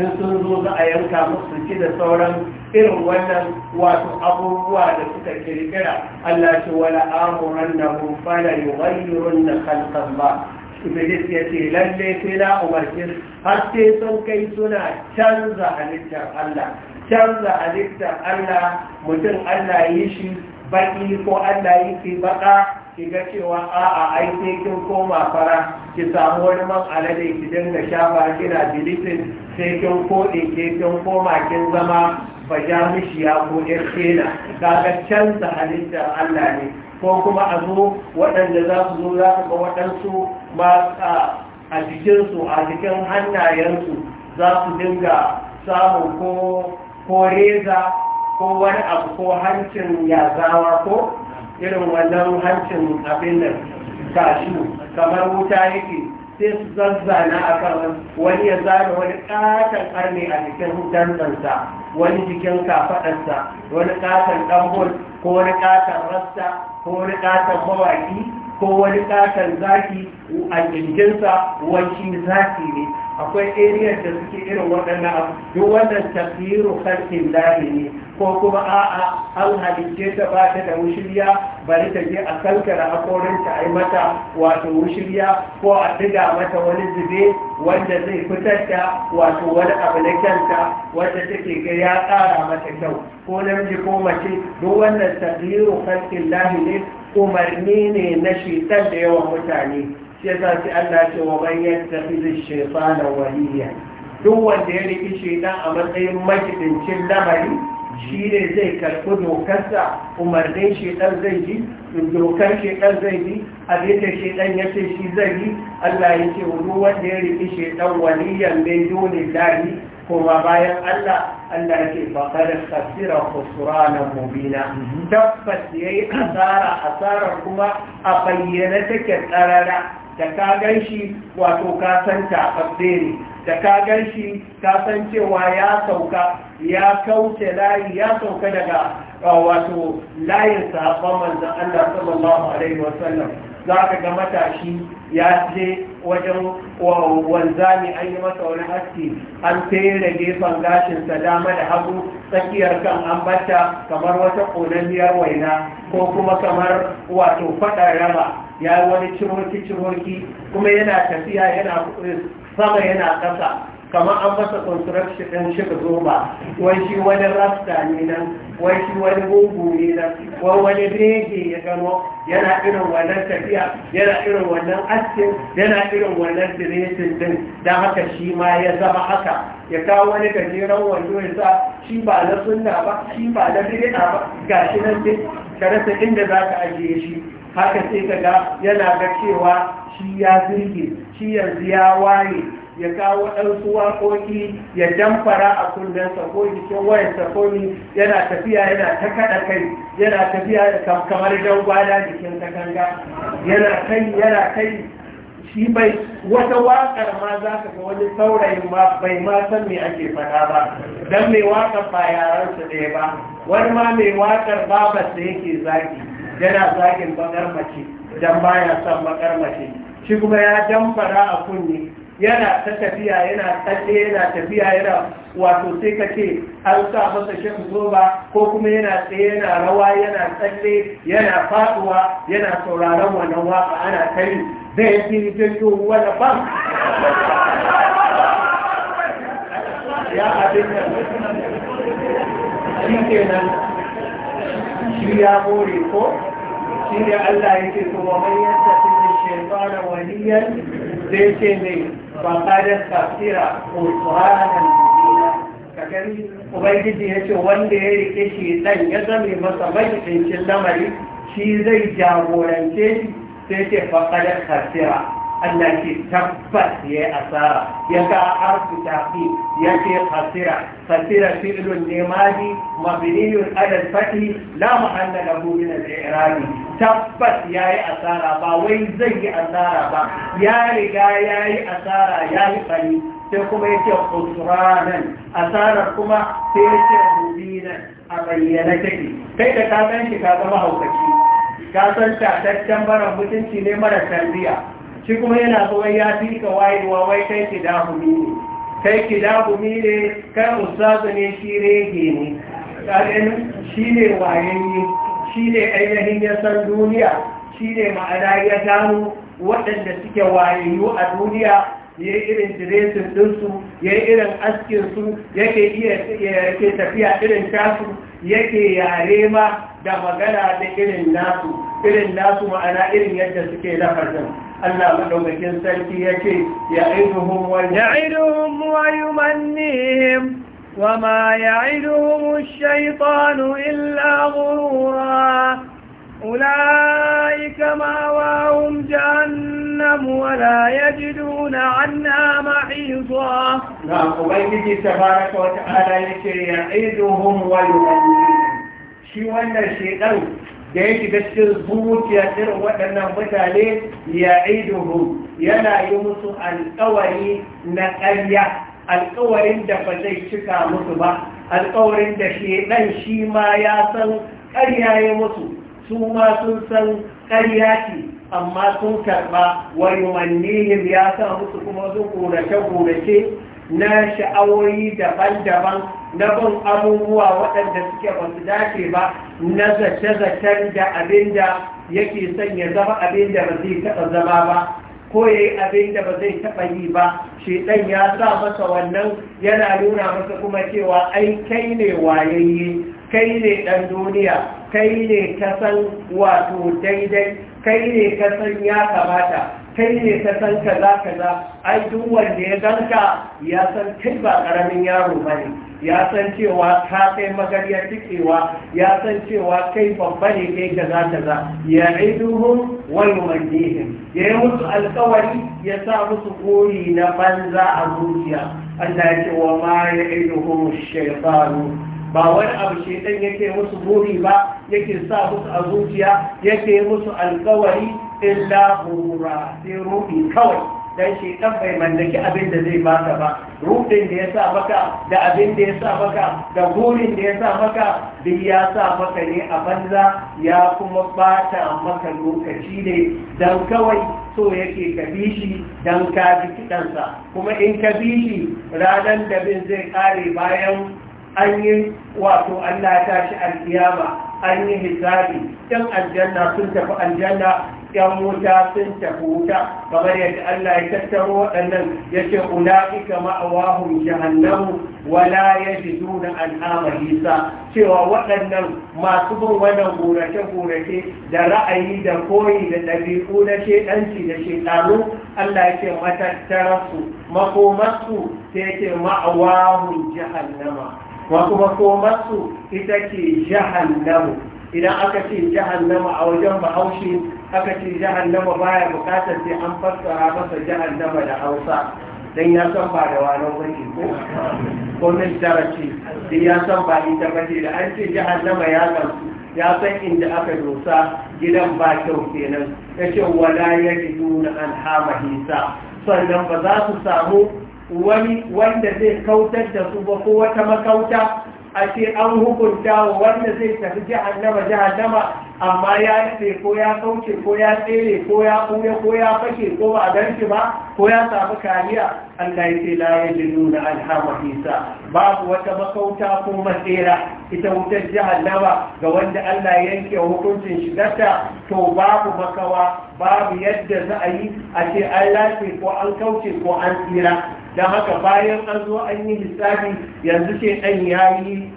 in sun zo za a yanka musu ci da sauran irin wannan wato abubuwa da suka kirkira Allah ce wala amuran na fala yughayyirun khalqan ba Iblis ya ce lalle sai na umarci har sai sun kai suna canza halittar Allah canza halittar Allah mutum Allah yi shi baki ko Allah yi fi baka ki ga cewa a'a ai sai kin koma fara ki samu wani man alade ki dinga shafa kina bilitin sai kin kode ke kin koma kin zama ya ko yar kena can ta halittar Allah ne ko kuma a zo waɗanda za su zo za su ga waɗansu ma a jikinsu a jikin hannayensu za su dinga samun ko reza ko wani abu ko hancin yazawa ko irin wannan hancin abin da kashu kamar wuta yake sai su zazzana a kan wani ya zana wani katon karni a jikin dantsansa wani jikin kafaɗarsa wani katon dambul ko wani katon rasta ko wani katon mawaki ko wani katon zaki a jirginsa wani zaki ne akwai ariyar da suke irin waɗannan abu duk wannan tafiyar kalkin zaki ne ko kuma a'a an halicce ta ba ta da wushirya bari ta je a kankara hakorinta a ai mata wato wushirya ko a diga mata wani zube wanda zai fitar da wato wani abu na kyanta wanda take ga ya ƙara mata kyau ko namiji ko mace duk wannan tadiru kalkin lahi ne umarni ne na shaitan da yawan mutane sai za su Allah ce wa man shefa na waliyya duk wanda ya riki nan a matsayin majidincin lamari shi ne zai karɓi dokarsa umarnin shekar zai ji dokar shekar zai ji abinda shekar ya ce shi zai yi allah ya ce wani wanda ya riƙi shaidan waliyan bai dole dahi kuma bayan allah allah ya ce faƙar kasira na. mubina tabbas ya yi asara asarar kuma a bayyana take tsarara da ka gan shi wato ka san ta, ne da ka gan shi ka san cewa ya sauka ya kauce layi ya sauka daga wato layin sahabban manzan Allah sallallahu alaihi wasallam za ka ga matashi ya je wajen wanzami an yi masa wani haske an fere gefen gashinsa dama da hagu tsakiyar kan an bata kamar wata ƙonanniyar waina ko kuma kamar wato faɗa raba ya yi wani cimurki-cimurki kuma yana tafiya yana eh, sama yana ƙasa kamar an masa construction ɗin shiga zoba wai shi wani rasta ne nan wai shi wani gungu ne nan wai wani rege ya gano yana irin wannan tafiya yana irin wannan askin yana irin wannan diretin din don haka shi ma ya zama haka ya kawo wani gajeren wando ya sa shi ba na sunna ba shi ba na birina ba ga shi nan din ka rasa inda za ka ajiye shi haka sai ka ga yana ga cewa shi ya zirge shi yanzu ya waye ya kawo ɗansu waƙoƙi ya damfara a kullansa, ko jikin wayarsa ko ni yana tafiya yana ta kaɗa kai yana tafiya kamar dangwada jikin katanga yana kai yana kai shi bai wata waƙar ma za ka ga wani saurayin ma bai ma san me ake faɗa ba don mai waƙar ba yaransa ɗaya ba wani ma mai waƙar da yake zaki yana zagin bakar mace dan baya son bakar mace shi kuma ya damfara a kunne yana ta tafiya yana tsalle yana tafiya yana wato sai ka ce an sa masa shan zoba ko kuma yana tsaye yana rawa yana tsalle yana faduwa yana sauraron wani waka ana kai zai fi jirgin wani ban ya abin da shi kenan shi ya more ko shine Allah yake to wa man yattaqi ash-shaytana waliyan zai ce ne ba kada tafsira qur'anan ka gani ubangiji ce wanda ya rike shi dan ya zame masa majidincin lamari shi zai jagorance shi sai ce fa da tafsira Allah ke tabbas ya yi asara ya ga harfi tafi ya ce kasira kasira fi ne nemaji mabiniyun adal fati la muhalla lahu min al-i'rabi tabbas ya yi asara ba wai zai yi asara ba ya riga ya yi asara ya yi tsari sai kuma ya ce kusuranan asarar kuma sai ya ce rubinan a bayyana take kai da kasan shi ka zama haukaci kasan tattaccen barar mutunci ne mara tarbiya shi kuma yana so ya fi ka wayewa wai kai ki dahumi ne kai ki dahumi ne kai ustazu ne shi rege ne shi ne wayen yi. shi ne ainihin ya san duniya shi ne ma'ana ya gano waɗanda suke wayayyu a duniya ya yi irin diresin ɗinsu ya yi irin askinsu yake iya tafiya irin tasu yake yare ma da magana da irin nasu irin nasu ma'ana irin yadda suke lafazin Allah maɗaukakin sarki ya ce ya wani ya aiduhun wani وما يعدهم الشيطان إلا غرورا أولئك مأواهم جهنم ولا يجدون عنها محيطا نعم أبيدي تبارك وتعالى يكي يعيدهم ويعيدهم. شي وانا شيطان da بس shiga cikin zuciya irin waɗannan mutane ya iduhu yana yi musu alkawarin da ba zai cika musu ba alkawarin da ɗan shi ma ya san ƙarya ya musu su ma sun san ƙarya ce amma sun karɓa wa yumannihim ya sa musu kuma su ƙorace-ƙorace na sha'awoyi daban-daban na bin abubuwa waɗanda suke ba su dace ba na zace-zacen da abin da yake son ya zama abin da ba zai taɓa zama ba ko ya yi abin da ba zai taɓa yi ba Shi ɗan ya sa masa wannan yana nuna masa kuma cewa ai kai ne wayayye kai ne ɗan duniya kai ne ka san wato daidai kai ne ka san ya kamata kai ne ka san kaza kaza ai duk wanda ya ganka ya san kai ba karamin yaro bane ya san cewa ka kai magariya cikewa ya san cewa kai babba ne kai kaza kaza ya ويمنيهم يمس القولي يسامس قولي نفنزا أبوكيا التي وما يعدهم الشيطان ba wani abu ɗin yake musu buri ba yake sa musu a zuciya yake musu alkawari illa hura sai kawai dan shi dan bai mallaki abin da zai baka ba rufin da ya sa maka da abin da ya sa maka da gurin da ya sa maka duk ya sa maka ne a banza ya kuma bata maka lokaci ne dan kawai so yake ka bi shi dan ka kidansa kuma in ka bi shi ranar da bin zai kare bayan an yi wato Allah ta shi alkiyama an yi hisabi ɗan aljanna sun tafi aljanna yan wuta sun tafi wuta kamar yadda Allah ya tattaro waɗannan ya ce ula'ika ma'awahun jahannamu wala ya ji nuna al'amar cewa waɗannan masu bin wannan gurace-gurace da ra'ayi da koyi da ɗabi'u na shaidanci da shedanu Allah ya ce matattararsu makomarsu sai ya ce ma'awahun jahannama wasu makomarsu ita ce jahannamu idan aka ce jahannama a wajen bahaushe haka ce jahannama baya bukatar sai an fassara masa jahannama da hausa don ya san ba da wani wani ko ko min don ya san ba ita ba ce da an ce jahannama ya gamsu ya san inda aka dosa gidan ba kyau kenan ya ce wala ya ji nuna an hama hisa sannan ba za su samu wani wanda zai kautar da su ba ko wata makauta a ce an hukunta wa wanda zai tafi jahannama jahannama amma ya nufe ko ya kauce ko ya tsere ko ya kuya ko ya fashe ko ba a ganshi ba ko ya samu kariya Allah ya ce la da nuna alhama isa babu wata makauta ko matsera ita wutar jahannama ga wanda Allah ya yanke hukuncin shigarta to babu makawa babu yadda za a yi a ce an lafi ko an kauce ko an tsira Da haka bayan an zo an yi lissafi yanzu ce ɗan ya yi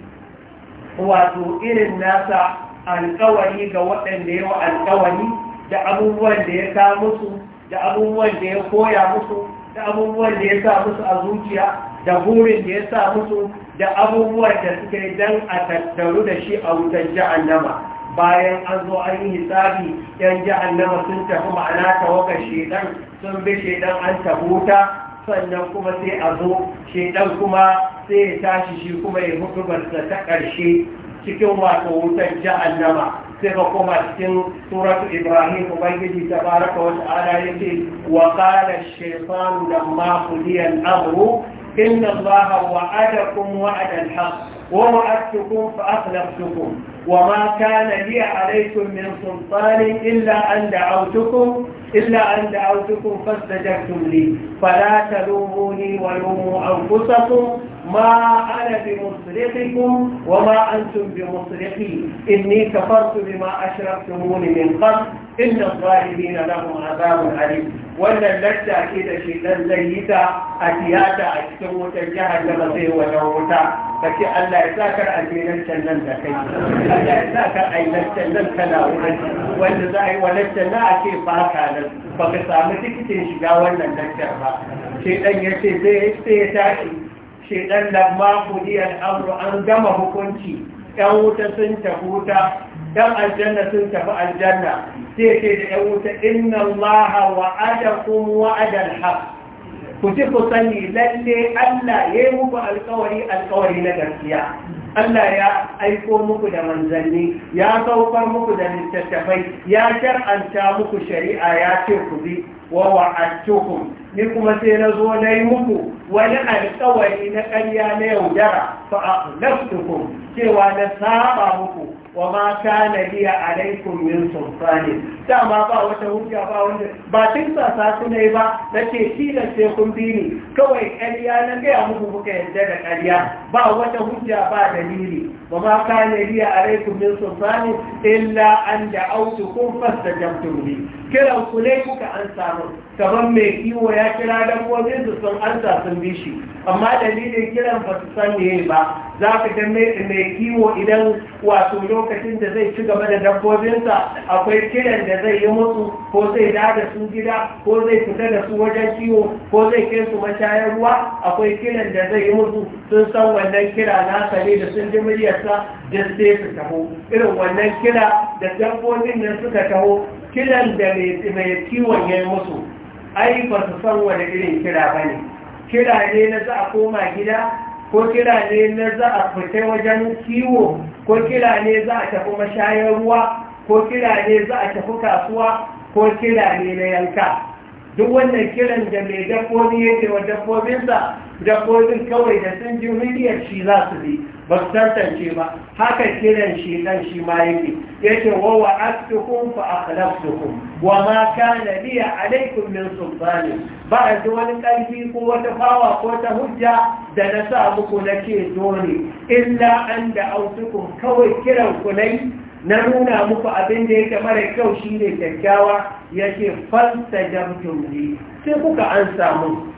wato irin nasa alkawari ga waɗanda yawa alkawari da abubuwan da ya ta musu da abubuwan da ya koya musu da abubuwan da ya sa musu a zuciya da burin da ya sa musu da abubuwan da suke dan a tattaru da shi a wutar nama, bayan an zo an yi hisabi yan jahannama sun tafi ma'ana ta waka shedan sun bi shedan an tabuta sannan kuma sai a zo shaidan kuma sai ya tashi shi kuma ya hutubarsa ta ƙarshe cikin wato wutar jahannama sai ka koma cikin suratu ibrahim ubangiji ta baraka wa ta'ala yake wa qala ash-shaytanu lamma qudiya al-amru inna allaha wa'adakum wa'ada al-haqq ووعدتكم فأخلفتكم وما كان لي عليكم من سلطان إلا أن دعوتكم إلا أن دعوتكم فاستجبتم لي فلا تلوموني ولوموا أنفسكم ما أنا بمصرخكم وما أنتم بمصرخي إني كفرت بما أشركتموني من قبل إن الظالمين لهم عذاب أليم wannan lacca ce da shi dan zai yi ta a tiyata a cikin wutar jihar da ba zai wata wuta ka ce Allah ya sa kar a je laccan nan da kai Allah ya sa kar a yi laccan nan kana wurin wanda za a yi wa laccan na ake ce nan ba ka samu tikitin shiga wannan laccan ba shedan ya ce zai ya tashi shedan lamma kudiyar amru an gama hukunci yan wuta sun tafi wuta dan aljanna sun tafi aljanna sai ce da ‘yan wuta inna allaha wa'adakum wa'adar haq ku ci ku sani lalle Allah ya yi muku alkawari alkawari na gaskiya Allah ya aiko muku da manzanni ya saukar muku da littattafai ya shar'anta muku shari'a ya ce ku bi wa wa'adtukum ni kuma sai na zo na yi muku wani alkawari na ƙarya na yaudara fa aqlaftukum cewa na saba muku wa ma kana liya alaikum min da dama ba wata hujja ba wanda ba tun sa su ne ba nake tilas sai kun bi kawai kariya nan gaya muku kuka yadda da ƙarya ba wata hujja ba dalili wa ma kana liya alaikum min sulfani illa an da'autukum fastajabtum li kiran ku ne kuka an samu kamar mai kiwo ya kira dabbobin su sun ansa sun bi shi amma dalilin kiran ba su san ne ba za ka ga mai kiwo idan wato lokacin da zai ci gaba da dabbobinsa akwai kiran da zai yi musu ko zai da su gida ko zai fita da su wajen kiwo ko zai kai su mashayar ruwa akwai kiran da zai yi musu sun san wannan kira na ne da sun ji muryarsa da sai su taho irin wannan kira da dabbobin nan suka taho kiran da mai kiwon ya yi musu ai ba su san wani irin kira ba ne kira ne na za a koma gida ko kira ne na za a fita wajen kiwo ko kira ne za a tafi mashayar ruwa ko kira ne za a tafi kasuwa ko kira ne na yanka duk wannan kiran da mai dabbobi yake wa dabbobinsa dabbobin kawai da sun ji miliyar shi za su bi ba su tantance ba haka kiran shi nan shi ma yake yake wa wa'adtukum fa akhlaftukum wa ma kana li alaykum min sultani ba da wani karfi ko wata fawa ko ta hujja da na sa muku nake dole illa an da autukum kawai kiran ku nai na nuna muku abin da yake mara kyau shine kyakkyawa yake falsa jamtum li sai kuka an samu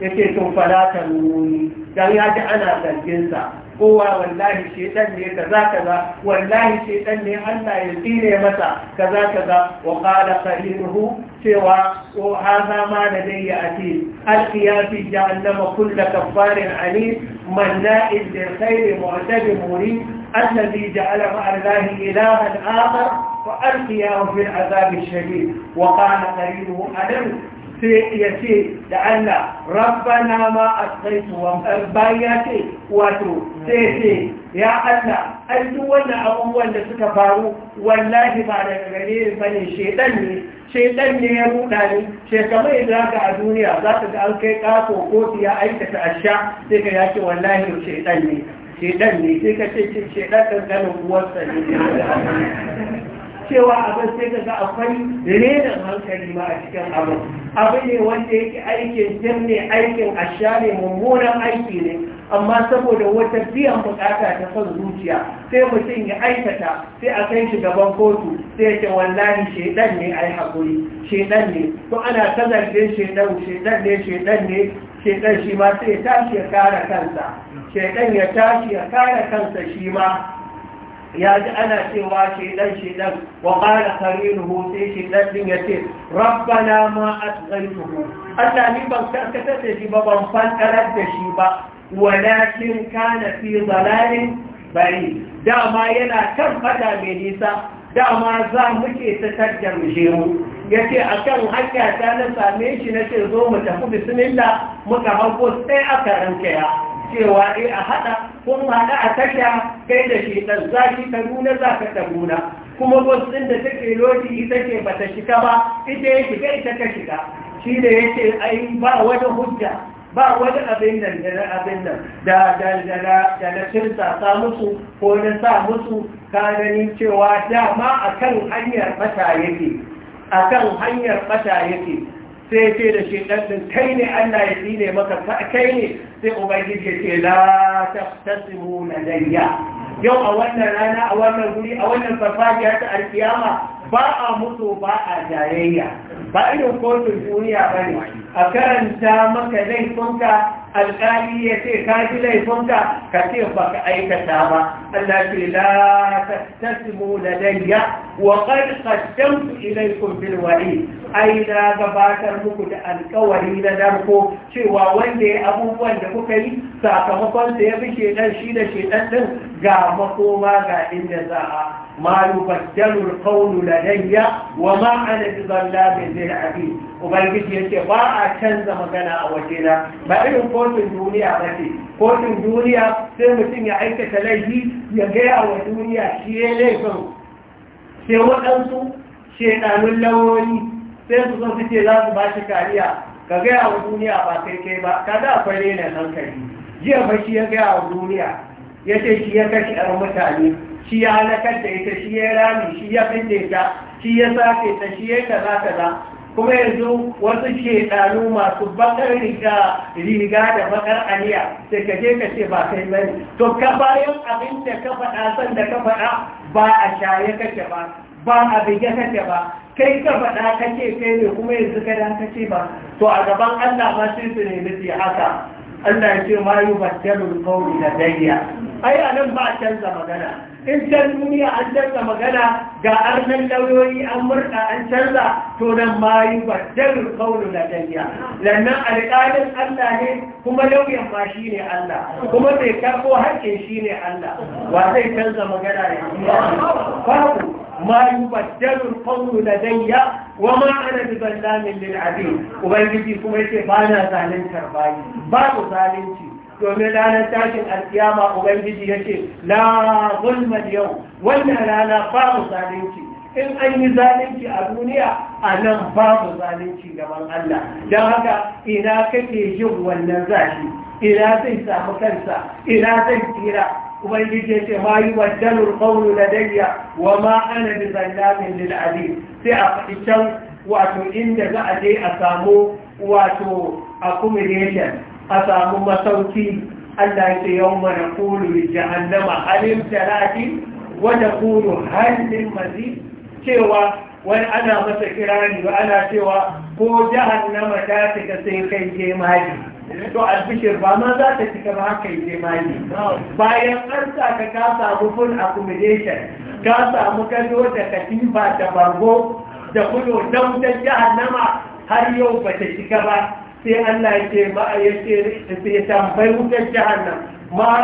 yake to fala ta nuni dan ya ji ana zargin sa كوا والله شيطان لي كذا كذا والله شيطان لي ألا يلقيني متى كذا كذا وقال قليله سوى وهذا ما لدي أتيت ألقيا في جهنم كل كفار عنيد مناء للخير معتد مريد الذي جعل مع الله إلها آخر فألقياه في العذاب الشديد وقال قليله ألم sai ya ce da Allah rabbana ma asaitu wa bayan ce wato sai ce ya Allah an duk wannan abubuwan da suka faru wallahi ba daga gare ni bane shedan ne shedan ne ya ruda ni she kamar ka a duniya za ka ga an kai kako ko ya aikata asha sai ka yace wallahi shedan ne shedan ne sai ka ce shedan kan ganin uwarsa ne cewa abin sai ka ga akwai renin hankali ma a cikin abin abu ne wanda yake aikin jin ne aikin asha ne mummunan aiki ne amma saboda wata biyan bukata ta son zuciya sai mutum ya aikata sai a kai shi gaban kotu sai ce wallahi shedan ne ai hakuri shedan ne to ana zarge shedan shedan ne shedan ne shedan shi ma sai ya tashi ya kara kansa shedan ya tashi ya kara kansa shi ma ya ji ana cewa shidan-shidan, shedan wa qala qarinuhu sai shedan din yace rabbana ma asghaytuhu Allah ni ban karkata da shi ba ban fantarar da shi ba walakin kana fi dalalin bari dama yana kan fada mai nisa dama za muke ta tajjar mu ya ce a kan hanya ta na same shi na ce zo mu tafi bismillah muka hanko sai aka rankaya cewa dai eh, a haɗa kun haɗa a tasha kai da shi ɗan zafi ta nuna za ka ta nuna kuma ɗin da take lodi ita ce ba ta ba ita ya shiga ita ta shiga shi da ya ce ai ba wani hujja ba wani abin nan da abin nan da da da da da na shirta sa musu ko na sa musu ka gani cewa dama akan hanyar bata yake akan hanyar bata yake sai ce da shi ɗanɗin kai ne Allah ya tsine maka kai ne sai ubangiji ya ce la taftasimu na dayya yau a wannan rana a wannan guri a wannan farfajiya ta alkiyama ba a mutu ba a jayayya ba irin kotun duniya ba ne a karanta maka laifinka alƙali ya ce ka ji laifinka ka ce ba ka aikata ba Allah ce la da ladayya wa qad qaddamtu ilaykum bil wa'i ai na gabatar muku da alƙawari na darko cewa wanda ya abubuwan da kuka yi sakamakon da ya bi shedan shi da shedan din ga makoma ga inda za a ma yubaddalu alqawlu ladayya wa ma ana bi dhallabil abid ubangiji yace ba a canza magana a wajena ba irin ko kotun duniya ba ce kotun duniya sai mutum ya aikata laifi ya gaya wa duniya shi ya laifin sai waɗansu shekanun lawoni sai su zo su za su ba shi kariya ka gaya wa duniya ba kai kai ba ka da akwai rena hankali jiya ba shi ya gaya wa duniya ya ce shi ya kashi ɗan mutane shi ya halakar da ita shi ya rami shi ya fi ta shi ya sake ta shi ya kaza kaza kuma yanzu wasu ke ɗanu masu bakar riga riga da bakar aliya sai ka je ka ce ba kai bane to ka bayan abin da ka faɗa san da ka faɗa ba a shaye kake ba ba a bige kake ba kai ka faɗa kake kai ne kuma yanzu ka dan kace ba to a gaban Allah ma sai su ne miji haka Allah ya ce ma yubaddalu qawli dariya. ai anan ba a canza magana in can duniya an canza magana ga arnan lauyoyi an murɗa an canza to nan ma yi ba jan kaunu na danya lannan alƙalin Allah ne kuma lauyan ma shi ne Allah kuma mai karɓo haƙƙin shi ne Allah wa zai canza magana ne babu ma yi ba jan kaunu na danya wa ma ana bi zallamin ubangiji kuma yake ba na zaluntar bayi babu zalunci domin ranar tashin alkiyama ubangiji ya ce na zulmar yau wannan rana babu zalunci in an yi zalunci a duniya a nan babu zalunci gaban Allah don haka ina kake yin wannan zafi ina zai samu kansa ina zai tsira ubangiji ya ce ma yi waddalul na Dariya, wa ma ana bi zallamin sai a faɗi can wato inda za a je a samu wato accumulation a samu masauki Allah ya ce yau mana kulu da jahannama halin talati wata kulu halin mazi cewa wani ana masa kirani ba ana cewa ko jahannama ta cika sai kai je maji to albishir ba ma za ta cika ba haka yi maji bayan an saka ka samu full accommodation ka samu kano da katifa da bango, da kulu don ta jahannama har yau ba ta cika ba sai Allah yake ma yake sai tambayi wutar jahannam ma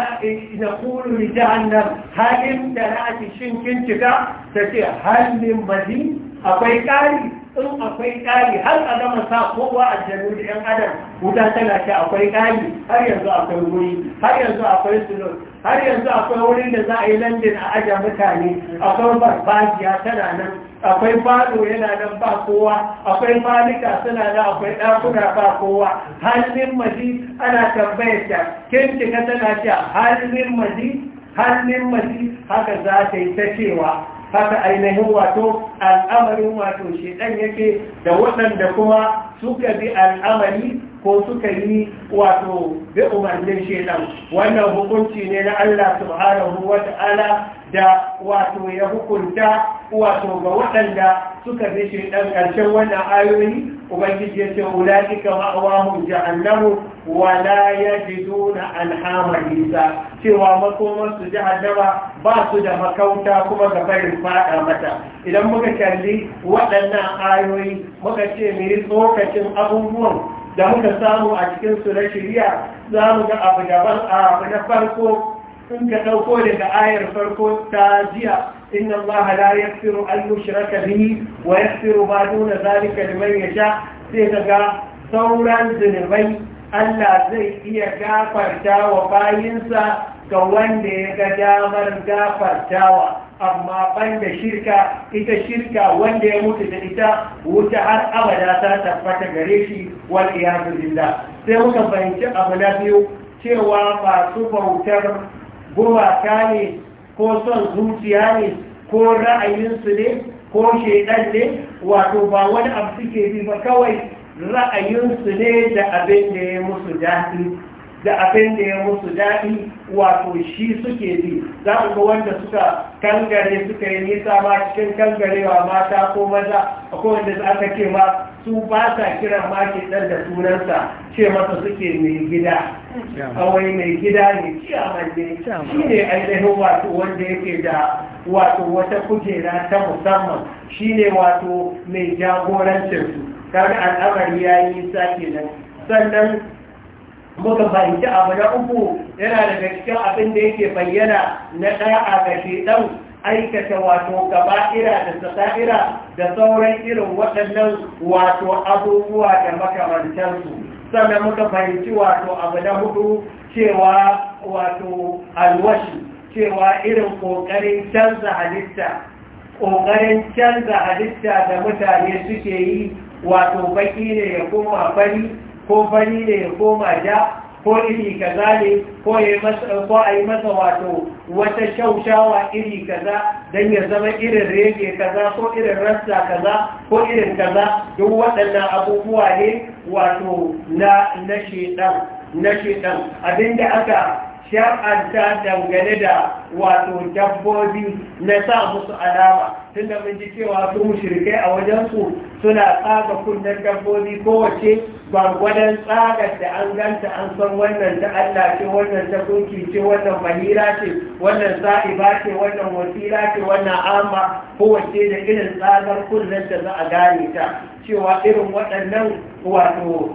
na kulu ni jahannam halin da ra'ati shin kin cika sai ce min akwai kari in akwai ƙari har a gama sa kowa a jami'ar 'yan adam wuta tana ce akwai ƙari har yanzu akwai wuri har yanzu akwai sulo har yanzu akwai wurin da za a yi landin a aja mutane akwai barbajiya tana nan akwai falo yana nan ba kowa akwai malika suna nan akwai ɗakuna ba kowa halin maji ana tambayar ta kintika tana ce halin maji maji haka za ta yi ta cewa haka ainihin wato al'amarin wato shedan yake da waɗanda kuma suka bi al'amari ko suka yi wato bi umarnin shedan wannan hukunci ne na Allah subhanahu wa ta'ala da wato ya hukunta wato ga waɗanda suka bi shedan ƙarshen wannan ayoyi ubangiji ya ce ulaika annabu? Wala ya la yajiduna alhamar isa cewa makoman su jahannama ba su da makauta kuma ga barin fada mata idan muka kalli waɗannan ayoyi muka ce mu yi tsokacin abubuwan da muka samu a cikin su na shirya za mu ga abu daban a abu na farko sun ka ɗauko daga ayar farko ta jiya إن الله لا يغفر أن يشرك ba ويغفر ما دون ذلك sha sai ga sauran ذنبي Allah zai iya gafarta wa bayinsa ga wanda ya ga damar gafartawa amma ban da shirka ita shirka wanda ya mutu da ita wuta har abada ta tabbata gare shi wal iyadu billah sai muka fahimci abu na biyu cewa masu bautar gumaka ne ko son zuciya ne ko ra'ayinsu ne ko shaidan ne wato ba wani abu suke bi ba kawai ra'ayinsu ne da abin da ya musu daɗi da abin da ya musu daɗi wato shi suke ji za ku ga wanda suka kangare suka yi nisa ma cikin kangarewa mata ko maza akwai wanda za ka ce ma su ba sa kiran ke ɗan da sunansa ce masa suke mai gida Kawai, mai gida ne ciyaman ne shi ne ainihin wato wanda yake da wato wata kujera ta musamman shi ne wato mai jagorancinsu kaga al'amari ya yi sake nan sannan muka fahimci abu na uku yana daga cikin abin da yake bayyana na a ga ɗan aikata wato gaba'ira da sata'ira da sauran irin waɗannan wato abubuwa da makamantarsu sannan muka fahimci wato abu na hudu cewa wato alwashi cewa irin ƙoƙarin canza halitta ƙoƙarin canza halitta da mutane suke yi wato baki ne ya koma fari ko fari ne ya koma ja ko iri kaza ne ko a yi masa wato wata shaushawa iri kaza don ya zama irin rege kaza ko irin rasta kaza ko irin kaza duk waɗannan abubuwa ne wato na shedan abinda aka shar'anta dangane da wato dabbobi na sa musu alama tun da mun ji cewa su mushrikai a wajensu suna tsaga kunnen dabbobi kowace gwangwadon tsagar da an ganta an san wannan ta Allah ce wannan ta kunki ce wannan mahira ce wannan ba ce wannan wasila ce wannan amma kowace da irin tsagar kunnen da za a gane ta cewa irin waɗannan wato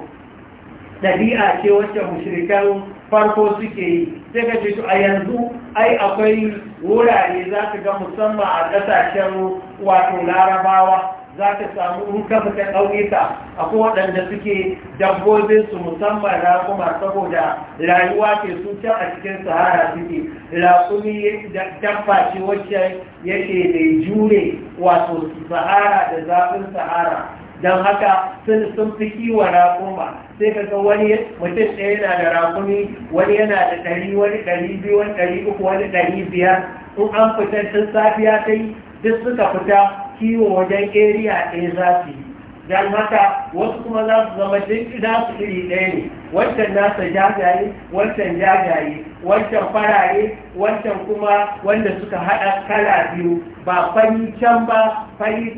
ɗabi'a ce wacce mushrikan farko suke yi sai ka ce a yanzu ai akwai wurare za ka ga musamman a ƙasashen wato larabawa za ka samu in ta fita a akwai waɗanda suke dabbobin su musamman raƙuma saboda rayuwa ke su can a cikin sahara suke raƙumi dabba ce wacce yake mai jure wato sahara da zafin sahara don haka sun sun fi kiwa raƙuma sai ka ga wani mutum ɗaya yana da raƙumi wani yana da ɗari wani ɗari biyu wani ɗari uku wani ɗari biyar in an fita tun safiya ta yi duk suka fita kiwo wajen area ɗaya za su yi don haka wasu kuma za su zama duk su iri ɗaya ne wancan nasa jajaye wancan jajaye wancan farare wancan kuma wanda suka haɗa kala biyu ba fari can ba fari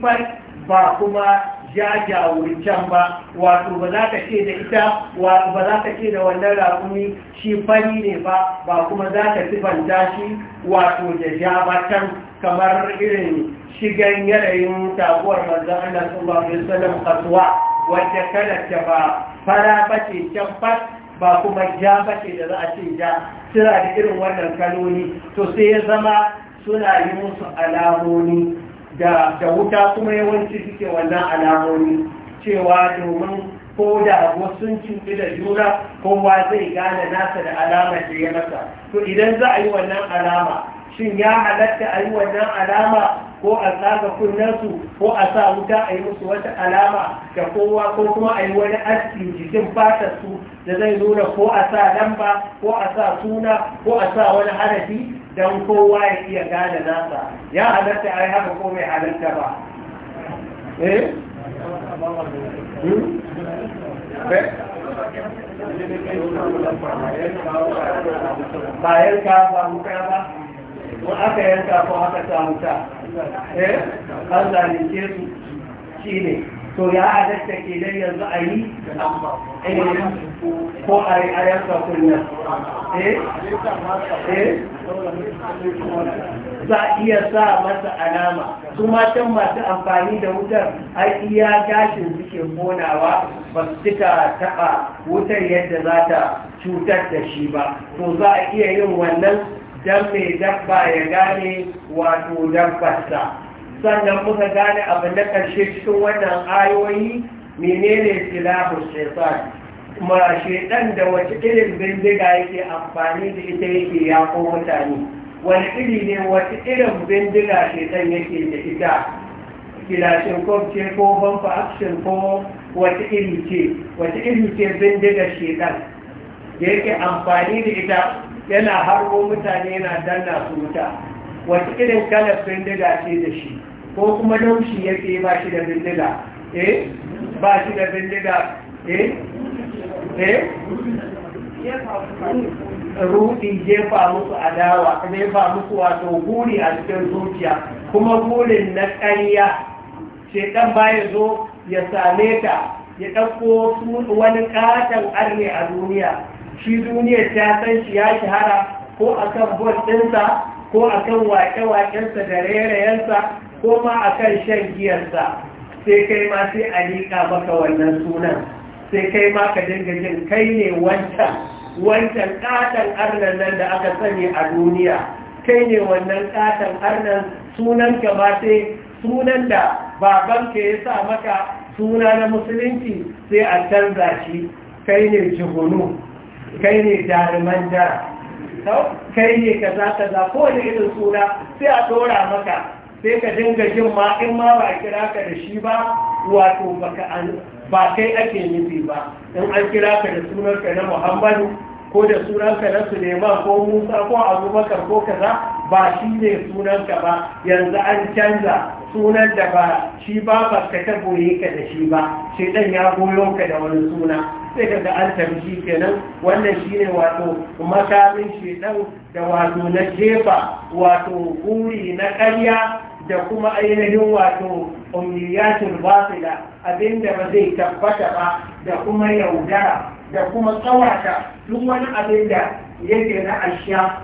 ba kuma jajawuri can ba wato ba za ka ce da ita ba za ka ce da wannan raƙumi shi fari ne ba ba kuma za ka sifanta shi wato da ja ba can kamar irin shigan yanayin taguwar manzan sun ba mai wasallam kasuwa wadda kada ta ba fara bace can fas ba kuma ja bace da za a ce ja suna da irin wannan kanoni to sai ya zama suna yi musu alamoni da wuta kuma yawanci suke wannan alamomi cewa domin ko da sun cuɗi da juna kowa zai gane nasa da alamar da ya masa to idan za a yi wannan alama shin ya halatta a yi wannan alama ko a tsaga kunnansu ko a sa wuta a yi musu wata alama da kowa ko kuma a yi wani aski jikin fatarsu da zai nuna ko a sa lamba ko a sa suna ko a sa wani harafi don kowa ya iya gane nasa ya halatta a yi haka ko mai halatta ba eh? bayan hmm? ka eh? ba ko aka yanka ko aka samu ta eh an zalunce su shi ne to ya halatta ke dai yanzu a yi eh. ko a yi a yanka kunya eh eh za a iya sa masa alama su matan masu amfani da wutar ai iya gashin suke konawa ba su cika taɓa wutar yadda za ta cutar da shi ba to za a iya yin wannan dan mai dabba ya gane wato dabbarsa sannan muka gane abin da ƙarshe cikin wannan ayoyi menene silahu shaitan ma shaitan da wace irin bindiga yake amfani da ita yake yaƙo mutane wani iri ne wace irin bindiga shaitan yake da ita kilashin ko ce ko bumper action ko wace iri ce wace iri ce bindiga shaitan da yake amfani da ita yana harbo mutane yana danna su wuta wata irin kalar bindiga ce da shi ko kuma laushi yake ba shi da bindiga eh ba shi da bindiga eh eh rudi jefa musu adawa jefa musu wato guri a cikin zuciya kuma gurin na ƙarya shekan baya zo ya same ta ya ɗauko wani ƙaton arne a duniya shi duniya ta san shi ya shahara ko akan bot ɗinsa ko akan waƙe-waƙensa da rairayensa ko ma akan shan giyarsa sai kai ma sai a liƙa maka wannan sunan sai kai ma ka dinga jin kai ne wancan wancan ƙatan arnan nan da aka sani a duniya kai ne wannan ƙatan arnan sunan ka ba sai sunan da babanka ya sa maka suna na musulunci sai a canza shi kai ne jihunu kai ne jaruman jara kai ne kaza kaza ko da irin suna sai a ɗora maka sai ka dinga jin ma in ma ba a kira ka da shi ba wato ba kai ake nufi ba in an kira ka da sunanka na muhammadu ko da sunanka na suleiman ko musa ko abubakar ko kaza ba shi ne sunanka ba yanzu an canza sunan da ba shi ba ba ka ta goye ka da shi ba shi dan ya goyo ka da wani suna sai ka ga an shi kenan wannan shine wato makamin shi ɗan, da wato na jefa wato guri na ƙarya da kuma ainihin wato umniyatul basila abinda ba zai tabbata ba da kuma yaudara da kuma tsawata duk wani abin da yake na ashiya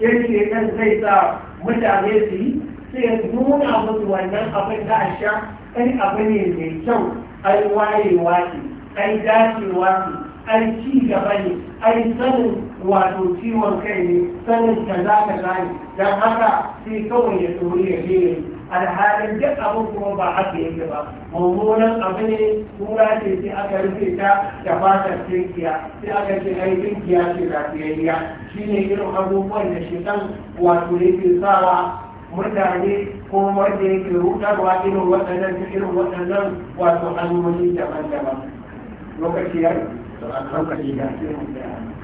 irin shedan zai sa mutane su yi sai nuna musu wannan abin da a sha ai abu ne mai kyau ai wayewa ce ai dacewa ce ai ci gaba ne ai sanin wato ciwon kai ne sanin ka za ka gane don haka sai kawai ya tsori ya je alhalin duk abin kuma ba haka yake ba mummunan abu ne kura ce sai aka rufe ta da fatar tinkiya sai aka ce ai tinkiya ce lafiyayya shine irin abubuwan da shi kan wato yake sawa mutane ko wanda yake rudarwa irin waɗannan irin waɗannan wato hanyoyi daban-daban lokaci ya lokaci ya